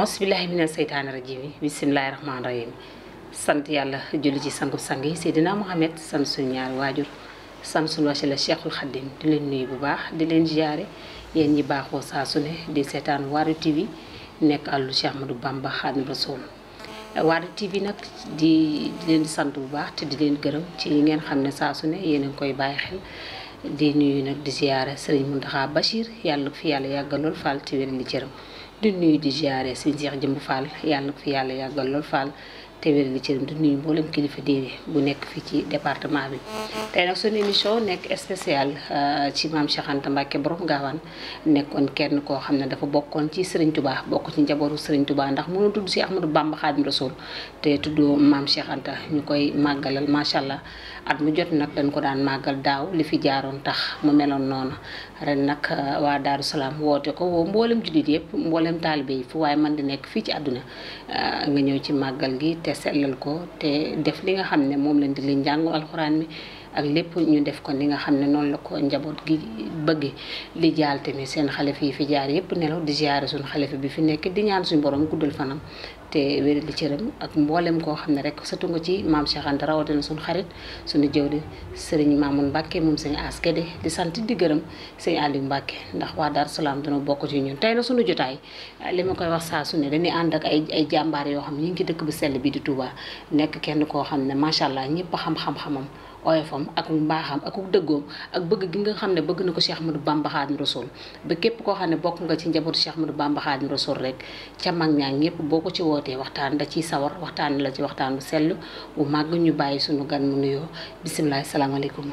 auzu billaahi mina seytaani rajiim yi bismillaahi rahmaani rahiim sant yàlla julli ci sangu sang yi Seydina Mohamed sant suñu ñaari waajur sant suñu wasi la Cheikhul Khadim di leen nuyu bu baax di leen ziyaare yéen ñi baaxoo saa ne di seetaan Waarwi TV nekk àllu Cheikh Ahmadou Bamba Xaadimu Rasuul Waarwi TV nag di di leen sant bu baax te di leen gërëm ci li ngeen xam ne saa su ne yéen a ngi koy bàyyi xel di nuyu nag di ziyaare Serigne Mountakha Bachir yàlla fi yàlla yàggalool fàll ci wér li cëram di nuyu di ziare si Cheikh Jëmb Fall yàlla na ko fi yàlla yàggal lool Fall te wér gi cëram di nuyu mboolem kilifa diine bu nekk fii ci département bi tey nag suñu émission nekk spéciale euh, ci maam Cheikh Anta Mbacke borom gaawaan nekkoon kenn koo xam ne dafa bokkoon ci Serigne Touba bokk ci njabootu sëriñ Touba ndax mënoo tudd si Ahmadou Bamba Khadim Rasoul te tuddoo maam Cheikh ñu koy màggalal macha allah at mu jot nag dañ ko daan màggal daaw li fi jaaroon tax mu meloon noonu ren nag euh, waa Daaru Salaam woote ko woo mboolem jullit yëpp mboolem taalibe yi fu waaye man di nekk fii ci àdduna euh, nga ñëw ci màggal gi. te sellal ko te def li nga xam ne moom la di li njàngu alxuraan mi ak lépp ñu def ko ni nga xam ne noonu la ko njaboot gi bëgg li jaal tamit seen xalifa yi fi jaar yépp nelaw di ziyaare suñu xalifa bi fi nekk di ñaan suñu borom guddal fanam te wéri di cëram ak mboolem koo xam ne rek sëtu nga ci maam Cheikh Anta rawatina suñu xarit suñu jëw di sëriñ Mamoun Mbacke moom sëñ askede di sant di gërëm sëñ Aliou Mbacke ndax waa Darou Salaam dana bokk ci ñun tey na suñu jotaay li ma koy wax saa su ne dañuy ànd ak ay ay jàmbaar yoo xam ne ñu ngi ci dëkk bu sell bi di Touba nekk kenn koo xam ne macha allah ñëpp xam-xam-xamam oyofam ak mbaaxam ak dëggoom ak bëgg gi nga xam ne bëgg na ko Cheikh Ahmadou du Xaadimu Rasuul ba képp koo xam ne bokk nga ci njabootu Cheikh Ahmadou Bamba Xaadimu Rasuul rek ca mag ñaa ñëpp boo ko ci wootee waxtaan da ciy sawar waxtaan la ci waxtaan sell bu màgg ñu bàyyi suñu gan mu nuyoo bisimilah salaamaaleykum.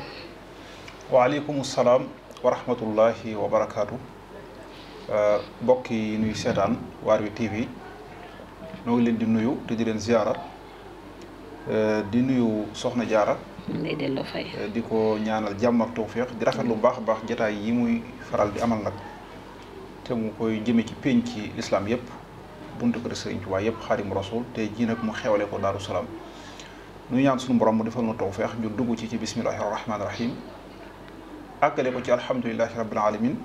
waaleykum salaam wa rahmatullahi wa barakaatu. Euh, mbokk yi nuy seetaan waar wi TV ñoo ngi leen di nuyu te di leen ziara euh, di nuyu Soxna Jaara di ko ñaanal jàmm ak tawféex di rafet lu baax a baax jotaay yi muy faral di amal nag te mu koy jëme ci pénc ci lislaam yëpp buntu kër Sëriñ Tuubaa yëpp Xaadimu Rasuul te ji nag mu xewle ko Daaru Salaam ñu ñaan suñu borom mu defal nu tawféex ñu dugg ci ci bismillahi rahmaani rahim àggale ko ci alhamdulilahi rabbil alamin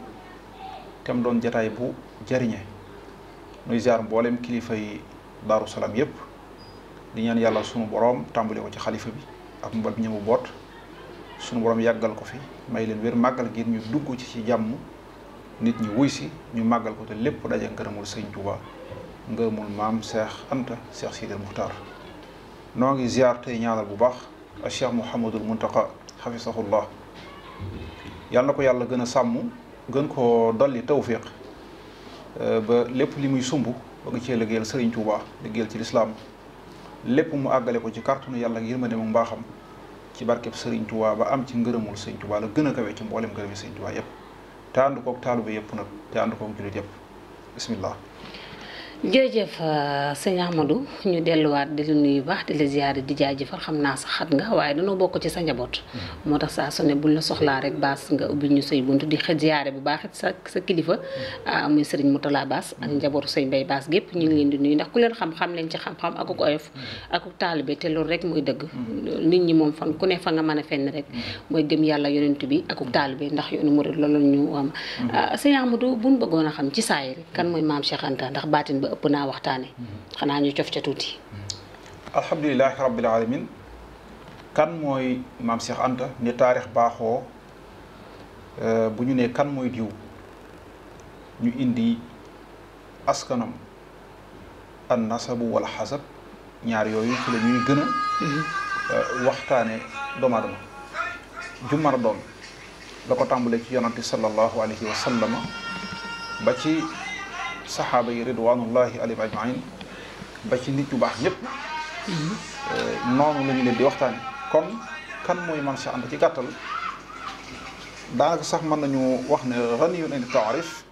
te mu doon jataay bu jariñe nuy ziar mboolem kilifa yi Daaru Salaam yëpp di ñaan yàlla sunu borom tàmbale ko ci xalifa bi. ak mbal ñëmu boot sunu borom yàggal ko fi may leen wér màggal gi ñu dugg ci ci jàmm nit ñi wuy si ñu màggal ko te lépp daje ngërëmul sëñ Tuubaa ngërëmul maam Cheikh Anta Cheikh Sidil Muxtaar noo ngi ziar tey ñaanal bu baax ak Cheikh Mouhamadul Muntaqa xafisahullah yàlla na ko yàlla gën a sàmm gën koo dolli tawfiq eh, ba lépp li muy sumb bëgg cee liggéeyal sëriñ Tuubaa liggéeyal ci lislaam lépp mu àggale ko ci kàttanu yàlla ak yërmande mu mbaaxam ci barkeb Serigne Touba ba am ci ngërëmul Serigne Touba la gën a kawe ci mboolem ngërëmi Serigne Touba yëpp te ànd koog taalu ba yëpp nag te ànd koog jullit yëpp bismillah jërëjëf euh, sëñ Amadou ñu delluwaat di la nuyu baax di la ziyaare di jaajëfal xam naa sa xat nga waaye danoo bokk ci sa njaboot. Mm. moo tax saa su ne buñ la soxlaa rek baas nga ubbi ñu say bunt di xëj ziyaare bu baax sa sa kilifa mm. ah, muy sëriñ Moutala Baas ak mm. njabootu sëñ Bay Baas gépp ñu ngi leen di nuyu ndax ku leen xam-xam leen ci xam ak ko oyof ak taalibe te loolu rek mooy dëgg. nit ñi moom fan ku ne fa nga mën a fenn rek mooy gëm yàlla yonent bi ak taalibe ndax yoonu murid loolu ñu am. Ah, sëñ Amadou buñ bëggoon a xam ci saayir kan mooy maam Cheikh ndax baatin ba ëpp naa waxtaane xanaa ñu cof ca tuuti. alhamdulilahi rabbil alamin kan mooy maam Cheikh Anta ni taarix baaxoo euh, bu ñu ne kan mooy diw ñu indi askanam an nasabu wala xasab ñaar yooyu ci la ñuy gën a euh, waxtaane doomu aadama ju mën a doon la ci yonante sallallahu alayhi wa ba ci saxaaba yi ridwanullahi alayhim ajmain ba ci nit yu baax ñëpp euh, noonu lañu ñu leen di waxtaan kon kan mooy man sa ànd ci gàttal daanaka sax mën nañu wax ne raniyun ani taarif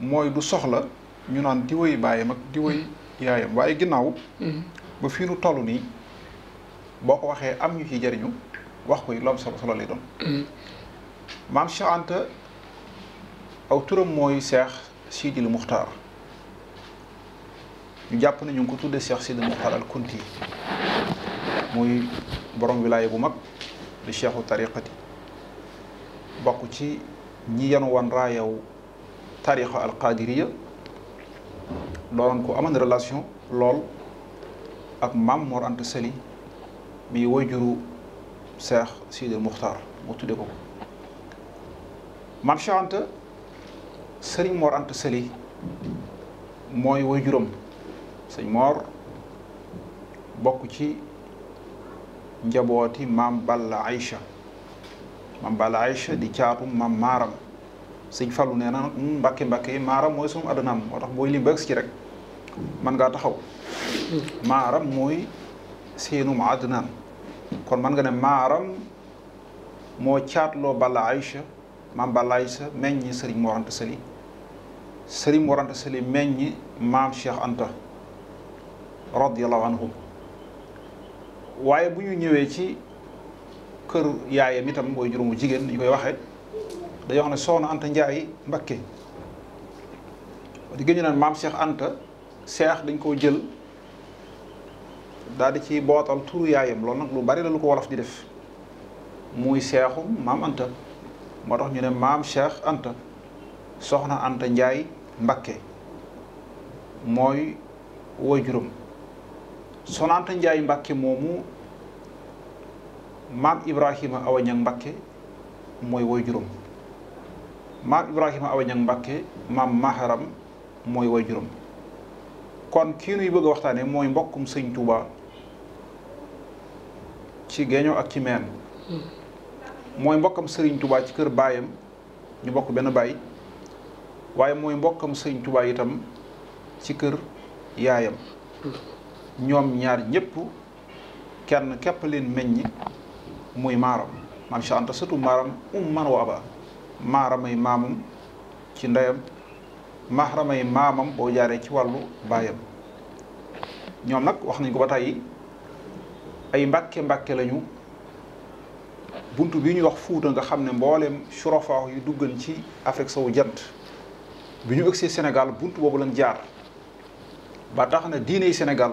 mooy du soxla ñu naan di woy baayam ak di woy yaayam waaye ginnaaw ba fii nu toll nii boo ko waxee am ñu ci jëriñu wax ko yi lu am solo solo lay doon mm-hmm. maam Cheikh Anta aw turam mooy seex Sidil Muxtaar ñu jàpp nañu ngi ko tuddee Cheikh Sidil Muxtaar al muy borom wilaaya bu mag di cheikhu tariqati bokku ci ñi yan wan raayaw tariqa al qaadiriya doonoon ko relation lool ak maam Mor Anta Sali mi wajuru Cheikh Sidil Muxtaar mu tudde ko ko maam sëriñ Mor Anta Sali mooy woy juróom sëñ Mor bokk ci njabooti maam Balla Aïcha maam Balla Aïcha di caatum maam Maaram sëñ Fallu nee na mbàkke mbàkke yi Maaram mooy sunu àddinaam tax booy lim ci rek man ngaa taxaw Maaram mooy seenum àddinaam kon man nga ne Maaram moo caatloo Balla Aïcha maam Balla Aïcha meññ Sëriñ Mor Anta Sali sëriñ Mor Anta Sali meññi maam Cheikh Anta radiyallahu anhum waaye bu ñu ñëwee ci kër yaayam itam mooy juróomu jigéen ñu koy waxee dañoo wax ne soxna Anta Ndiaye Mbakke di gën naan maam Cheikh Anta Cheikh dañ koo jël daal di ci bootal turu yaayam loolu nag lu bari la lu ko wolof di def muy seexum maam Anta moo tax ñu ne maam Cheikh Anta. soxna Anta Njaay Mbakke mooy waajuram soxna Anta Njaay Mbakke moomu maam Ibrahima Awañang Mbakke mooy waajuram maam Ibrahima Awañang Mbakke maam maharam mooy waajuram kon kii nuy bëgg a waxtaane mooy mbokkum sëñ Touba ci géeñoo ak ci meen hmm. mooy mbokkam sëriñ Touba ci kër baayam ñu bokk benn baay waaye mooy mbokkam sëñ Tuubaa itam ci kër yaayam ñoom ñaar ñëpp kenn képp leen meññi muy maaram maam Cheikh Anta sëtu maaram umman wa aba maaramay maamam ci ndeyam mahramay maamam boo jaaree ci wàllu baayam ñoom nag wax nañ ko ba tàyyi ay mbàkke mbàkke lañu bunt bi ñuy wax fuuta nga xam ne mbooleem surafaaw yu duggan ci Afrique sowu jant bu ñu ëgsee Sénégal bunt boobu lañ jaar ba tax na diine yi Sénégal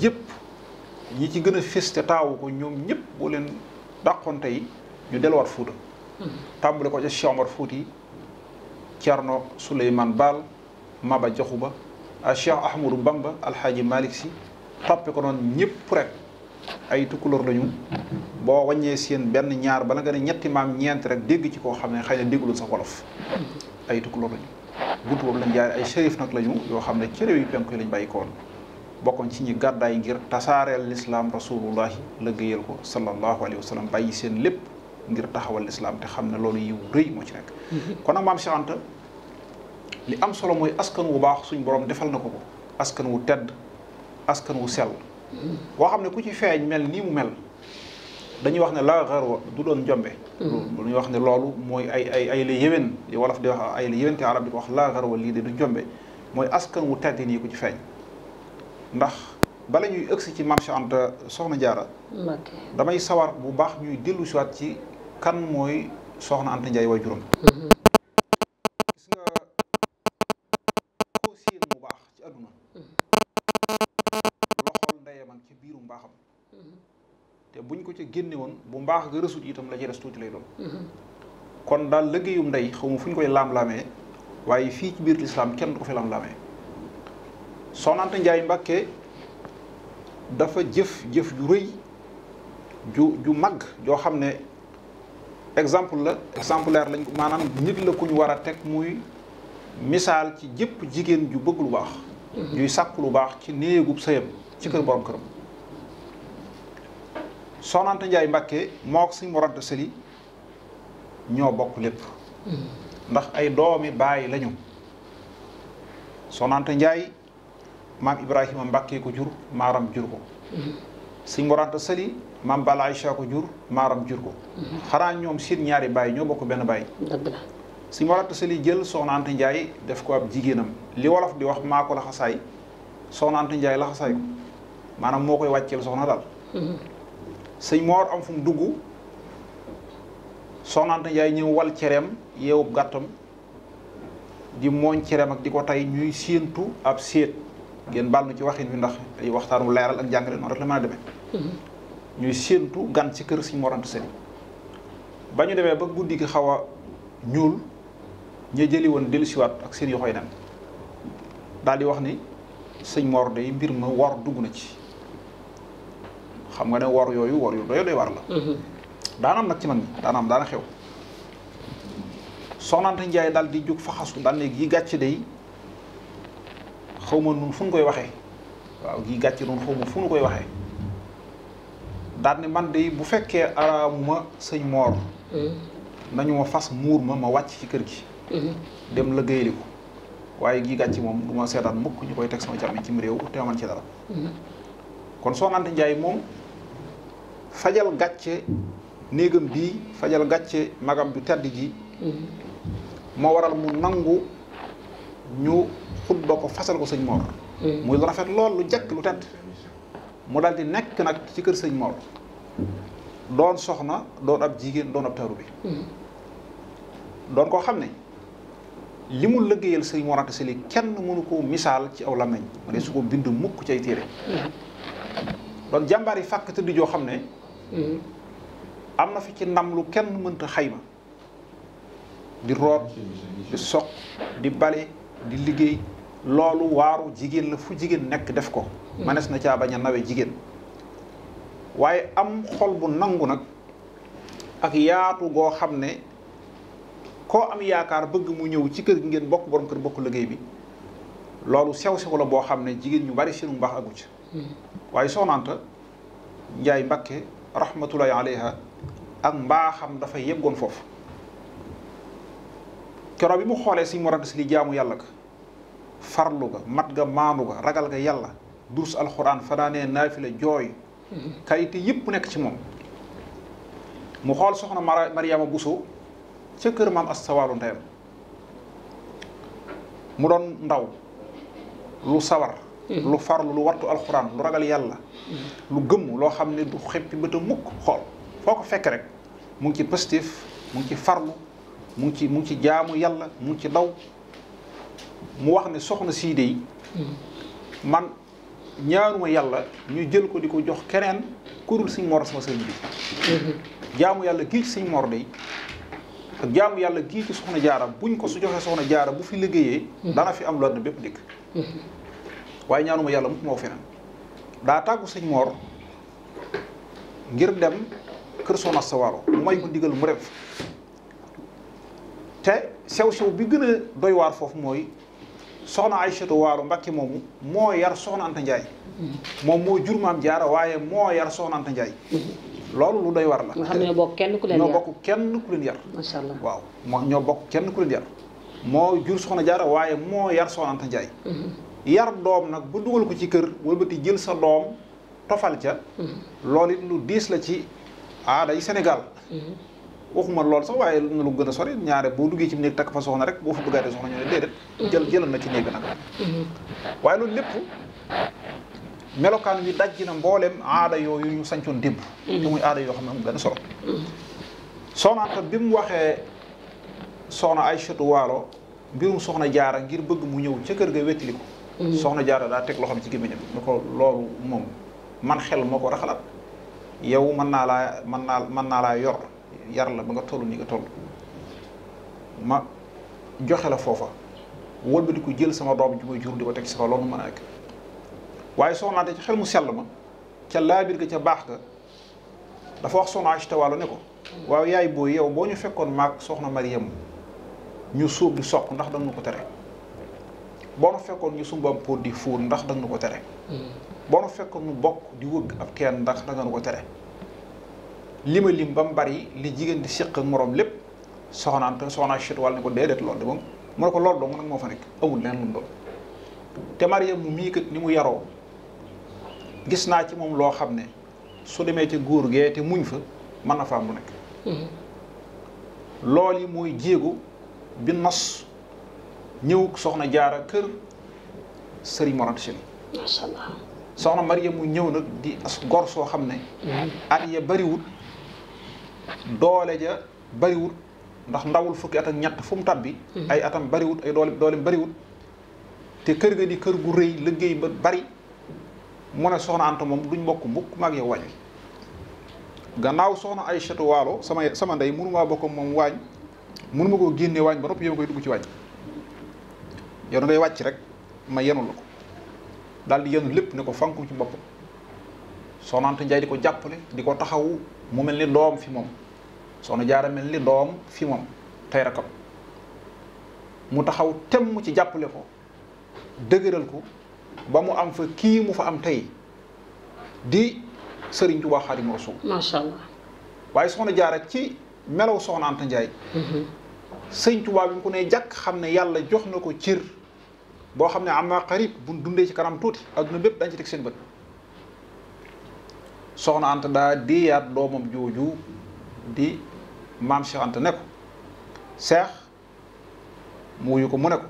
yëpp ñi ci gën a fés te taawu ko ñoom ñëpp boo leen dàqoon tey ñu delluwaat Fuuta tàmbule ko ca Cheikh Omar Fouti Thierno Souleymane Baal Maba Jaxu Ba ak Cheikh Ahmadou Bamba Alxaaji Malick Si toppe ko noonu ñëpp rek ay tukkulóor lañu boo wàññee seen benn ñaar bala nga ne ñetti maam ñeent rek dégg ci koo xam ne xëy na déggulul sa wolof ay tukulóor lañu gunt boobu lañ jaare ay shérif nag lañu yoo xam ne ci yu penku yi lañ bàyyi ko woon bokkoon ci ñi gàddaay ngir tasaareel lislaam rasulullahi lëggéeyal ko sallallahu alayhi wa sallam bàyyi seen lépp ngir taxawal lislaam te xam ne loolu yiw rëy moo ci nekk mhm. kon nag maam Cheikh Anta li am solo mooy askan wu baax suñ borom defal na ko ko askan wu tedd askan wu sell woo mhm. xam ne ku ci feeñ mel nii mu mel dañuy wax ne laa xarwa du doon jombe lu mm-hmm. ñuy wax ne loolu mooy ay ay ay la yéwén wolof di wax ay la arab di ko wax laa lii de du njombe mooy askan wu tedd nii ku ci feeñ ndax bala ñuy ëgsi ci Maam Cheikh Soxna Jaara damay sawar bu baax ñuy dellu siwaat ci kan mooy Soxna Anta Njaay way juróom mm-hmm. gis nga koo séen mu baax ci àdduna mm-hmm. loxol ndeyam ci biiru mbaaxam te buñ ko ca génne woon bu mbaax ga rësut itam la ci des tuuti lay doon mhm. kon daal liggéeyum ndey xaw ma fu ñu koy laam-laamee waaye fii ci biir lislaam kenn du ko fi laam-laamee Soxna Njaay Mbàkke dafa jëf jëf ju rëy ju ju mag joo xam ne exemple la exemplaire lañ ko maanaam nit la ku ñu war a teg muy misaal ci jëpp jigéen ju bëgg lu baax mhm. ñuy sàkk lu baax ci néegub sëyam ci kër mhm. borom këram Soxna Anta Ndiaye Mbacke moo ko suñ morante sëli ñoo bokk lépp hmm. ndax ay doomi baay lañu Soxna Anta Ndiaye maam Ibrahima Mbacke ko jur maaram jur ko hmm. suñ morante maam Bala Aïcha ko jur jur ko hmm. xanaa ñoom seen ñaari baay ñoo bokk benn baay suñ sëli jël Soxna Anta Ndiaye def ko ab jigéenam li wolof di wax maako laxasaay Soxna Anta Ndiaye laxasaay ko maanaam moo koy wàcceel soxna daal sëñ moor am fu mu dugg soxna Anta Njaay ñëw wal cereem yeewub gàttam di mooñ cereem ak di ko tey ñuy séentu ab séet ngeen bal nu ci waxin wi ndax ay waxtaanu leeral ak jàngale noonu rek la mën a demee mm-hmm. ñuy séentu gan si kër siñ Moor Anta ba ñu demee ba guddi gi xaw a ñuul ñu jëli woon dellusiwaat ak seen yoxoy nen daal wax ni sëñ Moor de mbir ma war dugg na ci xam nga ne wor yooyu wor yu doy doy war la mhm. daanaam nag ci mag ñi daanaam daana xew soxnaante njaay daal di jóg faxasu daal ne gàcc day xaw ma nun koy waxee waaw gii gàcc fu nu koy waxee daal ne man de bu fekkee araamuma sëñ mhm. nañu ma fas muur ma ma wàcc ci kër gi mhm. dem liggéeyali ko waaye gii moom du ma seetaan mukk ñu teg sama càmmiñ ci réew te ci dara kon njaay moom fajal gàcce néegam bii fajal gàcce magam bu tedd ji mm-hmm. moo waral mu nangu ñu xutba ko fasal ko sëñ Mor mm-hmm. muy lu rafet lool lu jekk lu tedd mu daal di nekk nag ci kër sëñ Mor doon soxna doon ab jigéen doon ab taaru bi mm-hmm. doon koo xam ne li mu liggéeyal sëñ Mor Anta Sali kenn mënu ko misaal ci aw làmmiñ ma ne su ko bind mukk ci ay téere doon jàmbaar yi fàkk tëdd joo xam ne am na fi ci nam lu kenn mënta xayma di root di soq di bale di liggéey loolu waaru jigéen la fu jigéen nekk def ko mënees na caa bañ a nawe jigéen waaye am xol bu nangu nag ak yaatu goo xam ne koo am yaakaar bëgg mu ñëw ci kër gi ngeen bokk borom kër bokk liggéey bi loolu sew sew la boo xam ne jigéen ñu bari seenu mbaax agu ci hmm. waaye soxnaanta Njaay Mbakke rahmatullahi alayha ak mbaaxam dafa yeggoon foofu kero bi mu xoolee si mu radis li jaamu yàlla ga farlu ga mat ga maandu ga ragal ga yàlla durus alxuraan fanaanee naafila jooy kayit yëpp nekk ci moom mu xool soxna Mariama Bousso ca kër maam astawaalu ndeyam mu doon ndaw lu sawar lu farlu lu wattu alxuraan lu ragal yàlla. lu gëmm loo xam ne du xeppi bët a mukk xool foo ko fekk rek mu ngi ci positif mu ngi ci farlu mu ngi ci mu ngi ci jaamu yàlla mu ci daw mu wax ne soxna siide yi. man ñaanuma yàlla ñu jël ko di ko jox keneen kurul suñ mor sama sëñ bi. jaamu yàlla kii ci suñ mor de ak jaamu yàlla gii ci soxna jaara buñ ko su joxee soxna jaara bu fi liggéeyee. dana fi am loolu bépp dëkk waaye ñaanuma yàlla mukk moo feneen daa tàggu sëñ moor ngir dem kër soxna Asta Waalo mu may ko ndigal mu ref te sew sew bi gën a doy waar foofu mooy soxna Aysatu Waalo Mbàkke moomu moo yar soxna Anta Njaay moom moo jur maam jaara waaye moo yar soxna Anta Njaay loolu lu doy war la. xam ne ñoo bokk kenn ku leen yar ñoo kenn ku leen waaw ñoo bokk kenn ku leen yar. moo jur soxna jaara waaye moo yar soxna Anta Njaay. yar doom nag bu dugal ko ci kër wëlbati jël sa doom tofal ca mm-hmm. lool it lu diis la ci aada yi Sénégal mm-hmm. waxuma lool sax waaye lu na lu gën a sori ñaare boo duggee ci néeg takk fa soxna rek boo fa bëggaatee soxna ñu mm-hmm. jël jëlal na ci néeg nag waaye lépp melokaan wi daj na mbooleem aada yooyu ñu sancoon démb te yoo xam am gën a solo soxna Anta bi mu waxee soxna Aysatu Waalo mbirum soxna jaara ngir bëgg mu ñëw ca kër ga wettili ko Mm. soxna jaara daa teg loxoom ci gémmiñam ni ko loolu moom man xel moo ko war yow mën naa laa mën naa mën naa laa yor yar la ba nga toll ni nga toll ma joxe la foofa wëlbati ko jël sama doom ju may jur di ko teg ci kaw loolu mën a nekk waaye soxnaate ci xel mu sell ma ca laabir ga ca baax ga dafa wax soxna Aïcha ne ko waaw yaay booy yow boo ñu fekkoon maag soxna Mariam ñu suub di soq ndax dañu ko tere boo ma fekkoon ñu sumbam pour di fuur ndax danga nu ko tere mm. boo ma fekkoon ñu bokk di wëgg ab teen ndax danga nu ko tere lima lim ba mu bari li jigéen di siq ak moroom lépp soxnaan te soxnaa chut ko déedéet loolu de mu ne ko loolu dong nag moo fa nekk awul leen lum doon mu mii ni mu yaroo gis naa ci moom loo xam ne su demee ci góor gee te muñ fa mën na fa am lu nekk mm. loolu yi mooy jéego bi nos ñëw soxna jaara kër sëriñ Mor soxna Maria mu ñëw nag di as gor soo xam ne at ya bariwut doole ja bariwut ndax ndawul fukki at ñett fu mu tabbi mhm. ay atam bariwut ay doole doolem bariwut te kër ga di kër gu rëy liggéey ba bari mu ne soxna Anta moom duñ bokk mbukk maag yow wàññi gannaaw soxna ay chatu waalo sama sama ndey mënu maa bokk moom waañ mënu ma koo génne waañ ba noppi yow koy dugg ci waañ yow da ngay wàcc rek ma yenul la ko daal di yenu lépp ne ko fanku ci boppam Soxna Anta Njaay di ko jàppale di ko taxaw mu mel ni doom fi moom Soxna Jaara mel ni doom fi moom tey rakam mu taxaw temm ci jàppale dëgëral ko ba mu am fa kii mu fa am tey di Sëriñ Tuubaa Xaadimu waaye Soxna Jaara ci melaw Soxna Anta Njaay mm-hmm. mu ko ne jàkk xam ne yàlla jox na ko cir boo xam ne am amma qarib buñ dundee ci kanam tuuti adduna bépp dañ ci teg seen bët soxna ant daa déeyaat doomam jooju di maam Cheikh Anta ne ko seex mu wuyu ko mu ne ko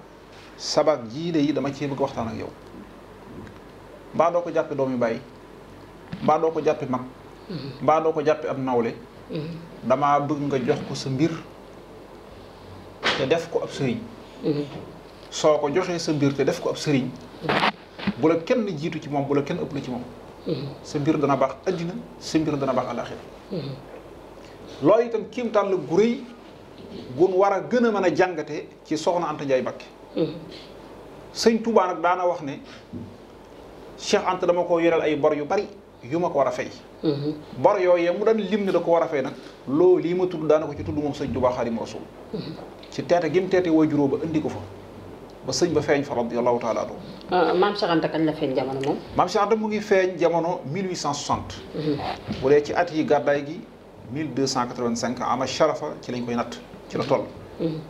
sabak jii de yi dama ci bëgg waxtaan ak yow mbaa doo ko jàppe doom yu bàyyi mbaa doo ko jàppe mag mm-hmm. mbaa doo ko jàppee am nawle mm-hmm. dama bëgg nga jox ko sa mbir te def ko ab sëriñ mm-hmm. soo ko joxee sa mbir te def ko ab sëriñ bu la kenn jiitu ci moom bu la kenn ëpp la ci moom sa mbir dana baax addina sa mbir dana baax àlaxira loolu itam kiimtaan tàll gu rëy gun war a gën a mën a jàngate ci soxna Anta Ndiaye Mbakke sëñ Touba nag daana wax ne Cheikh Anta dama ko yoreel ay bor yu bari yu ma ko war a fay bor yooyee mu daan lim ne da ko war a fay nag loolu lii ma tudd daana ko ci tudd moom sëñ Touba Xaadimu Rasuul ci teete gim teete waajuroo ba indi ko fa ba sëñ ba feeñ fa radiyallahu taala anhu. Ah, maam Cheikh kañ la feeñ jamono moom. maam Cheikh mu ngi feeñ jamono 1860. Mhm. bu dee ci at yi gàddaay gi 1285 ama sharafa ci lañ koy natt ci la toll. Mhm.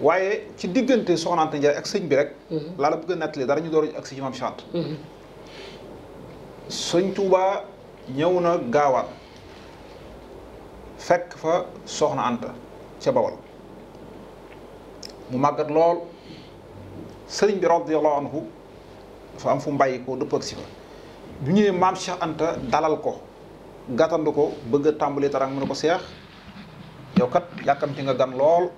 waaye ci diggante Soxna Anta Ndiaye ak sëñ bi rek. Mhm. laa la bëgg a nettali dara ñu door ak sëñ Touba ñëw na gaawaan fekk fa Soxna Anta ca Bawol mu màggat lool. sëriñ bi radiyallahu anhu dafa am fu mbàyyi ko dëpp ak si fa bu ñëwee maam Cheikh Anta dalal ko gàttandu ko bëgg a tàmbali tarang mu ne ko seex yow kat yàkkamti nga gan lool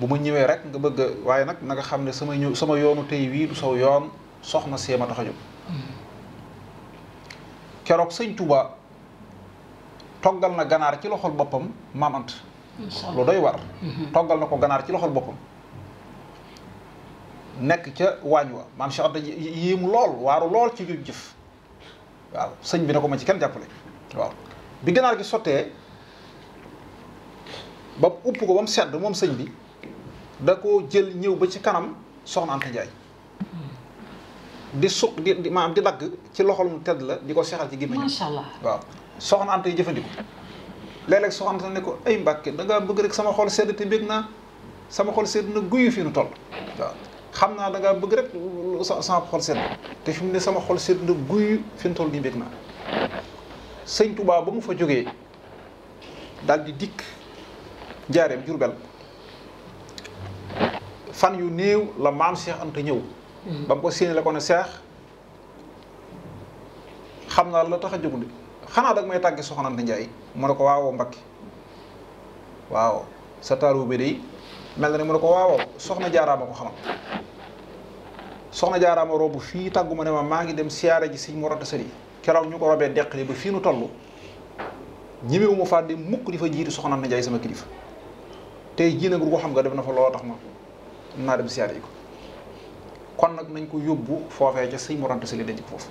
bu ma ñëwee rek nga bëgg waaye nag na nga xam ne sama ñëw sama yoonu tey wii du saw yoon soxna seema tax a jóg keroog sëñ Touba toggal na ganaar ci loxol boppam maam Anta lu doy war mm-hmm. toggal na ko ganaar ci loxol boppam nekk ca waañ wa maam Cheikh Anta yéemu lool waaru lool ci ju jëf waaw sëñ bi ne ko ma ci kenn jàppale waaw bi ganaar gi sottee ba upp ko ba mu sedd moom sëñ bi da ko jël ñëw ba ci kanam soxna Anta Njaay di suq di di maanaam di dagg ci loxol mu tedd la di ko seexal ci gémmiñ macha allah waaw soxna Anta yi jëfandiku léeg-léeg soxna ne ko ay Mbàkke da ngaa bëgg rek sama xol sedd te bég naa sama xol sedd na guyu fii nu toll waaw xam naa da ngaa bëgg rek sama xol sedd te fi mu ne sama xol set na guy fi mu toll nii bëgg naa sëñ Touba ba mu fa jógee daal di dikk jaareem Jurbel fan yu néew la maam Cheikh Anta ñëw. Hmm. ba mu ko séenee la ko ne Cheikh xam naa la tax a jóg xanaa dag may tàgge soxna Anta Ndiaye mu ne ko waawoo Mbacke waaw sa taaru mel na ne mu ne ko waawoo soxna jaaraama ko soxna jaaraama robu fii tàggu ma ne ma maa ngi dem siyaare ji sëñ Mor Anta Sali keroog ñu ko robee deqale ba fii nu toll ñemewu ma fàtte mukk di fa jiitu soxna na jaay sama kilifa te jii nag ru ko xam nga def na fa loo tax ma naa dem siyaare ji ko kon nag nañ ko yóbbu foofee ca sëñ Mor Anta Sali denc ko foofu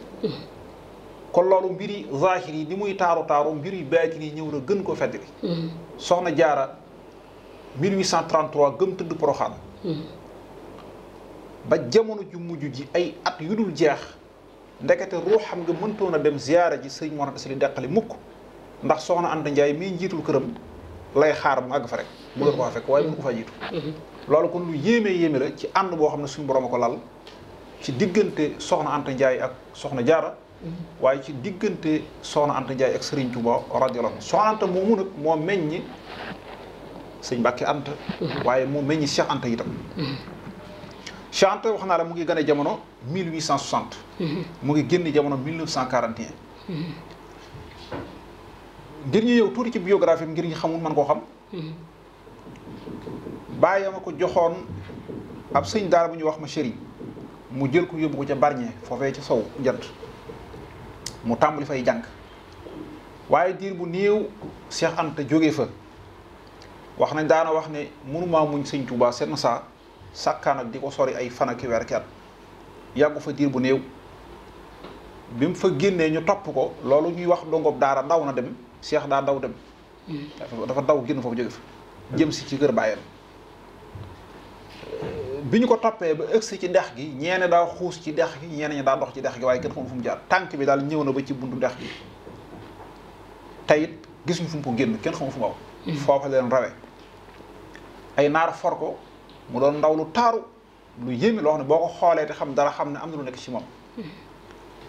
kon loolu mbiri zahir yi ni muy taaru taaru mbir yu baatin yi ñëw na gën ko fedd bi mm-hmm. soxna jaara 1833 gëm tëdd poroxaan mm-hmm. ba jamono ju mujj ji ay at yu dul jeex ndekete xam nga mëntoon a dem ziyaara ji sëñ moo Anta Sali deqali ndax soxna Anta Ndiaye mii njiitul këram lay xaar bu àgg fa rek mu nga ko fekk waaye mu ko faa jiitu loolu kon lu yéeme yéeme la ci ànd boo xam ne suñ borom ko lal ci diggante soxna ant Ndiaye ak soxna Jaara waaye ci diggante soxna Anta Ndiaye ak Serigne Touba radiyallahu anhu soxna Anta moomu nag moo meññ sëñ Mbàkke ant waaye moo meññ Cheikh Anta itam chante wax naa la mu ngi gane jamono 1860. Mhm. mu ngi génn jamono 1941. ngir ñu yow tuuti ci biographie ngir ñi xamul man koo xam. Mhm. bàyyi ma ko joxoon ab sëñ daara bu ñuy wax ma chéri mu jël ko yóbbu ko ca Bargny foofee ca sow jant mu tàmbali fay jàng waaye diir bu néew Cheikh Anta jógee fa wax nañ daana wax ne mënumaa muñ sëñ Touba seen saa. sàkkaan di ko sori ay fan ak i weer at yàggu fa diir bu néew bi mu fa génnee ñu topp ko loolu ñuy wax dongob daara daw na dem seex daa daw dem hmm. dafa daw génn foofu jóge fa jëm si ci kër bàyyam bi ñu ko toppee ba ëgsi ci dex gi ñeene daa xuus ci dex gi ñeene ñi daa dox ci dex gi waaye kenn xamul fu mu jaar tànk bi daal ñëw na ba ci buntu dex gi tey it gisuñu fu mu ko génn kenn xamul fu mu aw hmm. leen rawe ay naar for ko mu doon ndaw lu taaru lu yéeme loo xam ne boo ko xoolee te xam dara xam ne am na lu nekk ci moom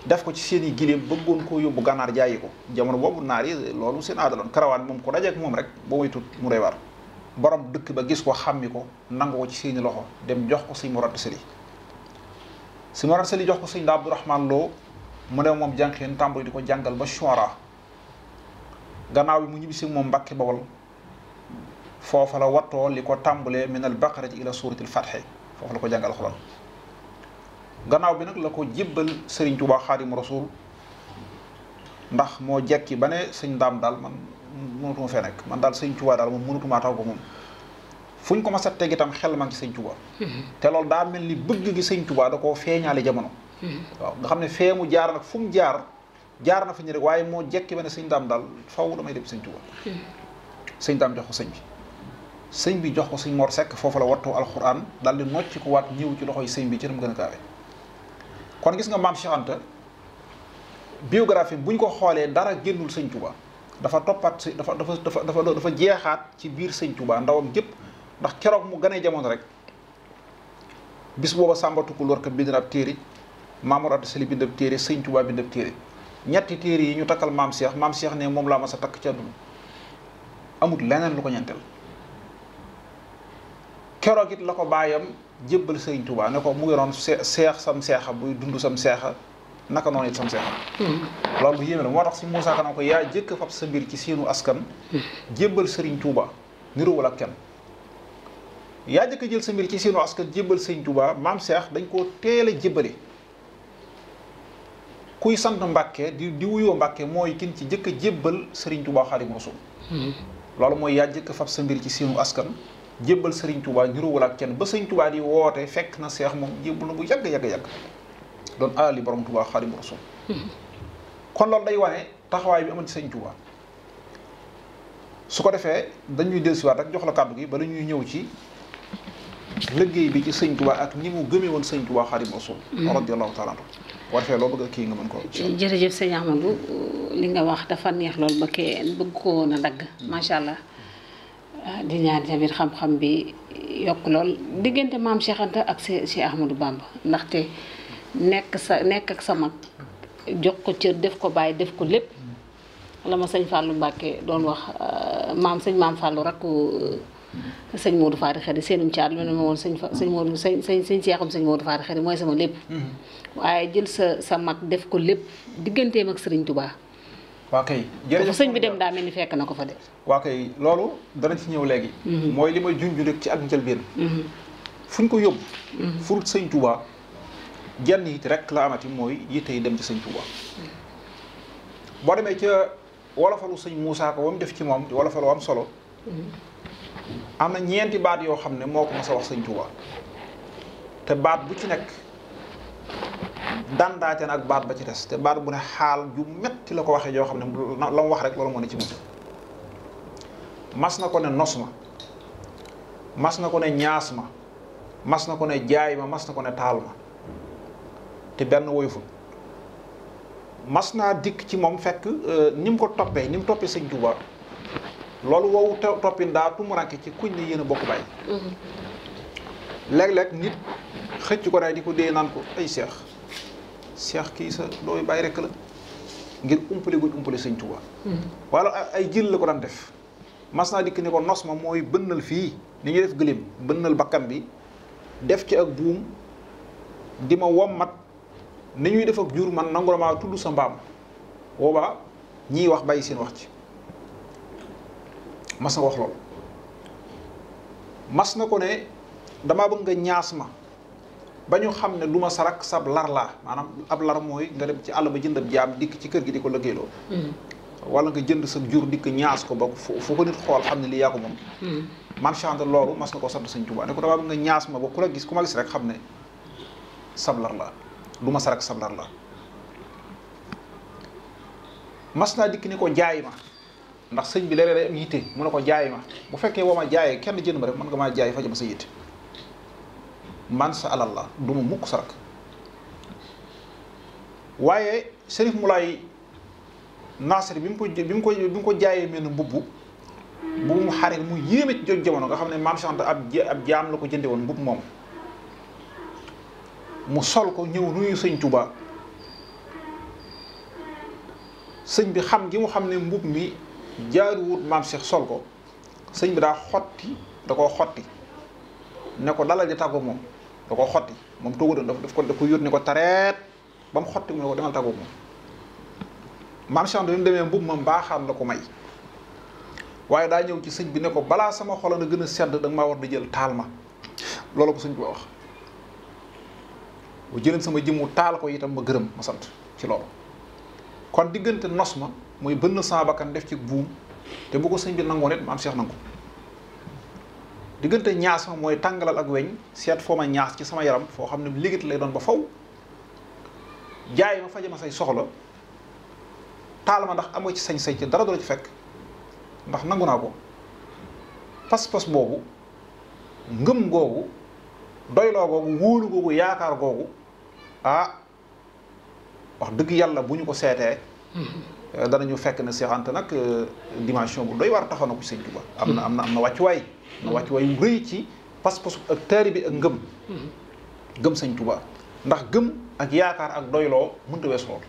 def ko ci seen i gileem bëggoon koo yóbbu ganaar jaayi ko jamono boobu naar yi loolu seen aadaloon karawaan moom ko dajeek moom rek boo moytut mu doy war borom dëkk ba gis ko xàmmi ko nangu ko ci seeni loxo dem jox ko sëñ Morat Sëli sëñ Morat Sëli jox ko sëñ da Abdourahman Lo mu ne moom jànqeen tàmbali di ko jàngal ba Chouara gannaaw bi mu si moom Mbàkke Bawol foofa la wattoo li ko tàmbalee min al baqarati a suratil fatxi foofu la ko jàngal alxuraan gannaaw bi nag la ko jibbal Serigne Touba Xaadimu Rasuul ndax moo jekki ba ne sëñ daam daal man mënatuma fee nekk man daal sëñ Touba daal moom mënatumaa taw ko moom ko sa teg itam xel ma ngi ci mel ni bëgg gi sëñ Touba da koo feeñaale jamono waaw nga xam ne fee mu jaar nag fu mu jaar jaar na fa ñu rek waaye moo jekki ba ne sëñ daam daal faw damay dem sëñ Touba sëñ daam jox ko sëñ bi sëñ bi jox ko sëñ Mor sekk foofu la wattoo alxuraan daal di nocc ko waat ñëw ci loxoy sëñ bi ci lu mu gën a gaawe kon gis nga maam Cheikh Anta bu ñu ko xoolee dara génnul sëñ Touba dafa toppaat si dafa dafa dafa jeexaat ci biir sëñ Touba ndawam gépp ndax keroog mu gënee jamono rek bis booba Samba Tukulóor ka bind na ab téere Maamor Anta Sali bind ab téere sëñ Touba bind ab téere ñetti téere yi ñu takkal maam Cheikh maam seex ne moom laa ma sa takk ci àdduna leneen lu ko keroog it la ko baayam jëbbal sëriñ Touba ne ko mu ngi doon seex sam seexa buy dund sam seexa naka noonu it sam seexa hmm. loolu yéeme la moo tax si Moussa Ka ko yaa jëkk fab sa mbir ci seenu askan hmm. jébbal sëriñ Touba niruwul jël sa mbir ci seenu askan jébbal sëriñ maam seex dañ koo teel a jébbale kuy sant Mbàkke di di wuyoo Mbàkke mooy kin ci jëkk a jébbal sëriñ Touba Xaadimu Rasuul hmm. loolu mooy yaa jëkk fab sa mbir ci seenu askan jébbal sëriñ tubaa niroowul ak kenn ba sëriñ Touba di woote fekk na seex moom jébbalu bu yàgg yàgg yàgg doon alali borom Touba Xaadimu Rasuul hmm. kon loolu day wane taxawaay bi amoon ci sëriñ su ko defee dañuy dellusiwaat rek jox la kàddu gi bala ñuy ñëw ci liggéey bi ci sëriñ Touba ak ni mu woon sëriñ Touba Xaadimu Rasuul hmm. radiyallaahu taala anhu boo defee loo bëgg li nga wax dafa neex loolu ba kee bëgg ko woon a dagg hmm. macha allah. Ah, di ñaan tamit xam-xam bi yokk lool diggante maam Cheikh ak Cheikh Ahmadou Bamba ndaxte nekk sa nekk ak sa mag jox ko cër def ko bàyyi def ko lépp la ma sëñ Fallou Mbacke doon wax ah, maam sëñ maam Fallou rakku ah, sëñ Modou Fari Xari seenum caat lu ne ma woon sëñ sëñ Modou sëñ sëñ sëñ Seexum sëñ Modou Fari Xari mooy sama lépp. Mm-hmm. waaye jël sa sa mag def ko lépp digganteem ak Serigne Touba. waa kay jërëjëf sëñ bi dem daa mel ni fekk na ko fa de. waa kay loolu dana ci ñëw léegi. Mhm. mooy li may junj ci ak njëlbeen. Mhm. fuñ ko yóbbu. Mhm. furut sëñ Touba jenn it rek la amati mooy yitte yi dem ci sëñ Touba. boo demee ca wolofalu sëñ Moussa ko ba mu def ci moom wolofalu am solo. am na ñeenti baat yoo xam ne moo ko mës a wax sëñ Touba te baat bu ci nekk dàndaate na ak baat ba ci des te baat bu ne xaal ju metti la ko waxee joo xam ne la mu wax rek loolu moo ne ci moom mas na ko ne nos ma mas na ko ne ñaas ma mas na ko ne jaay ma mas na ko ne taal ma te benn woyful mas naa dikk ci moom fekk euh, nim ko toppee ni mu toppee sëñ Tuubaa loolu wow toppin daa tumuranke ci kuñ ne yéen a bokk bàyyi mm-hmm. léeg-léeg nit xëcc ko day di ko dee naan ko ay seex Cheikh kii sa dooy bàyyi rekk la ngir umpale guñ umpale sëñ Tuubaa hmm. wala ay jël la ko daan def mas naa dikk ne ko nos ma mooy bënnal fii ni ñuy def gëléem bënnal bakkan bi def ci ak buum di ma wom mat ni ñuy def ak jur man nangu maa tudd sa mbaam boobaa ñii wax bàyyi seen wax ci mas na wax lool mas na ko ne dama bëgg nga ñaas ma ba ñu xam ne du ma sarak sab lar laa maanaam ab lar mooy nga dem ci àll ba jëndab jaam dikk ci kër gi di ko lëggéeyloo hmm. wala nga jënd sa jur dikk ñaas ko ba foo ko nit xool xam ne lii yaa ko moom maam Cheikh Anta sant sëñ Tuubaa ne ko ma ba ku la gis ku ma gis xam ne sab lar laa du ma sarak sab lar laa mas naa dikk ni ko jaay ma ndax sëñ bi léeg-léeg day am yitte mu ne ko jaay ma bu fekkee woo ma jaayee kenn jënd ma rek mën nga maa jaay fajama sa yitte man alal la du ma mukk sa waaye Serif Moulay Nasir bi mu ko bi mu ko bi mu ko jaayee mel ne mbubb bu mu mu yéeme ci joj jamono nga xam ne maam Cheikh Anta ab ab jaam la ko jënde woon mbubb moom mu sol ko ñëw nuyu sëñ Touba sëñ bi xam gi mu xam ne mbubb mi jaaruwut maam Cheikh sol ko sëñ bi daa xotti da koo xotti ne ko dalal di tàggu moom da ko xotti moom toogu doon daf ko daf ko yót ni ko tareet ba mu xotti mu ne ko demal tàggoog moom maam Cheikh dañu demee mbubb ma mbaaxaan la ko may waaye daa ñëw ci sëñ bi ne ko balaa sama xol a gën a sedd da ma maa war di jël taal ma loolu ko sëñ bi wax bu jëleen sama jëmmu taal ko itam ma gërëm ma sant ci loolu kon diggante nos ma mooy bënn sama kan def ci buum te bu ko sëñ bi nangoon it maam Cheikh nangu diggante ñaas ma mooy tàngalal ak weñ seet foo ma ñaas ci sama yaram foo xam ne liggéey lay doon ba faw jaay ma faj ma say soxla taal ma ndax amoo ci sañ-sañ ci dara du ci fekk ndax nangu naa ko pas-pas boobu ngëm googu doyloo googu wóolu googu yaakaar googu ah wax dëgg yàlla bu ñu ko seetee hmm. danañu fekk ne seexante nag dimension bu doy war taxaw na ko sëñ Tuubaa am na am na am na wàccuwaay nga wàcc waayu rëy ci pas-pasu ak taari bi ak ngëm gëm sëñ Tuubaa ndax gëm ak yaakaar ak doyloo mënta wees lool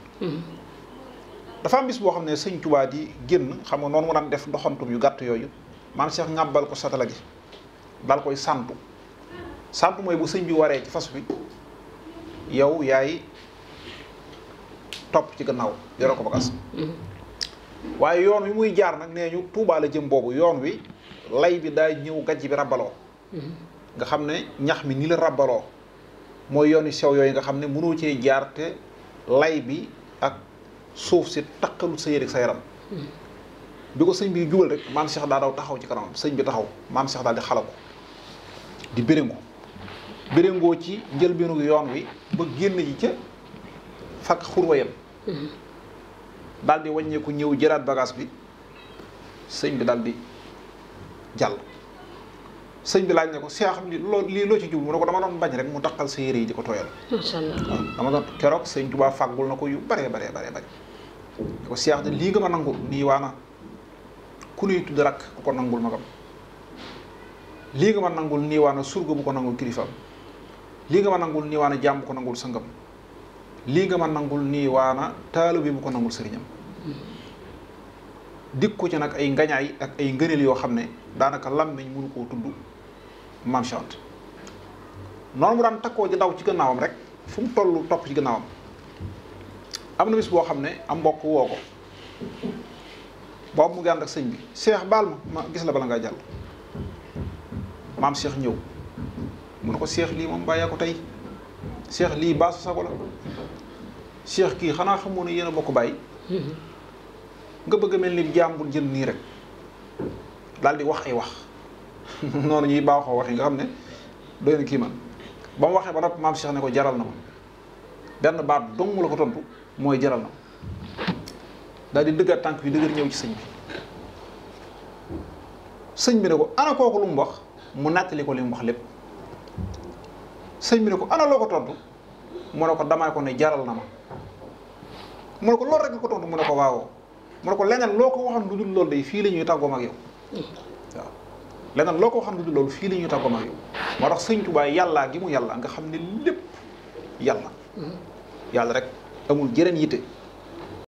dafa am boo xam ne sëñ Tuubaa di génn xam nga noonu mu daan def doxantum yu gàtt yooyu maam Cheikh ngàbbal ko satala gi koy santu santu mooy bu sëñ bi waree ci fas bi yow yaay topp ci gannaaw yoroo ko bagas mm-hmm. waaye yoon wi muy jaar nag nee ñu Tuubaa la jëm boobu yoon wi lay bi daa ñëw gànc bi rabbaloo mm-hmm. nga xam ne ñax mi ni la rabbaloo mooy yooni sew yooyu nga xam ne mënoo cee jaar te lay bi ak suuf si takkalu sa yére ak sa yaram mm-hmm. bi ko sëñ bi jubal rek maam Cheikh daa daw taxaw ci kanam sëñ bi taxaw maam Cheikh daal di xala ko di béréngo béréngoo ci njëlbeenu yoon wi ba génn ji ca fakk xurwa yam mm-hmm. di wàññeeku ñëw jëraat bagage bi sëñ bi daal di jàll sëñ bi laaj ne ko seex bi loo lii loo ci jub mu ne ko dama doon bañ rek mu daqal sa yére yi di ko tooyal macha allah dama doon keroog sëñ Tuubaa fàggul na ko yu baree bare baree bari ne ko seex lii nga ma nangul nii waana ku nuy tudd rakk ku ko nangul magam lii nga ma nangul nii waana bu ko nangul kilifaam lii nga ma nangul nii waana jàmm bu ko nangul sëngam lii nga ma nangul nii waana bi bu ko nangul sëriñam ko ci nag ay ngañaay ak ay ngëneel yoo xam ne daanaka làmmiñ mënu koo tudd Maam Cheikh Anta noonu mu daan takkoo daw ci gannaawam rek fu mu toll topp ci gannaawam am na bis boo xam ne am mbokk woo ko boobu mu ngi ànd sëñ bi Cheikh baal ma ma gis la bala ngaa jàll maam Cheikh ñëw mun ne ko Cheikh lii moom bàyyee ko tey Cheikh lii baasu sago la Cheikh kii xanaa xamoo ne yéen a bokk bàyyi nga bëgg a mel ni jàmbur jël nii rek daal di wax ay wax noonu ñuy baaxoo wax nga xam ne doy na kii man ba mu waxee ba noppi maam Cheikh ne ko jaral na ma benn baat dong mooy jaral na ma tànk bi dëgër ci sëñ ko ana kooku mu wax ko li mu lépp sëñ bi ko ana tontu mu ne ko damaa ko ne jaral na ma mu ne ko loolu rek nga ko tontu mu ne ko waawoo mu ne ko leneen loo ko waxoon lu dul loolu day fii lañuy ñuy tàggoom ak leneen loo ko waxoon lu dul loolu fii la ñuy tàggoom ak yow moo tax sëñ Tuubaa yàllaa gi mu yàlla nga xam ne lépp yàlla mm-hmm. yàlla rek amul jëreen yitte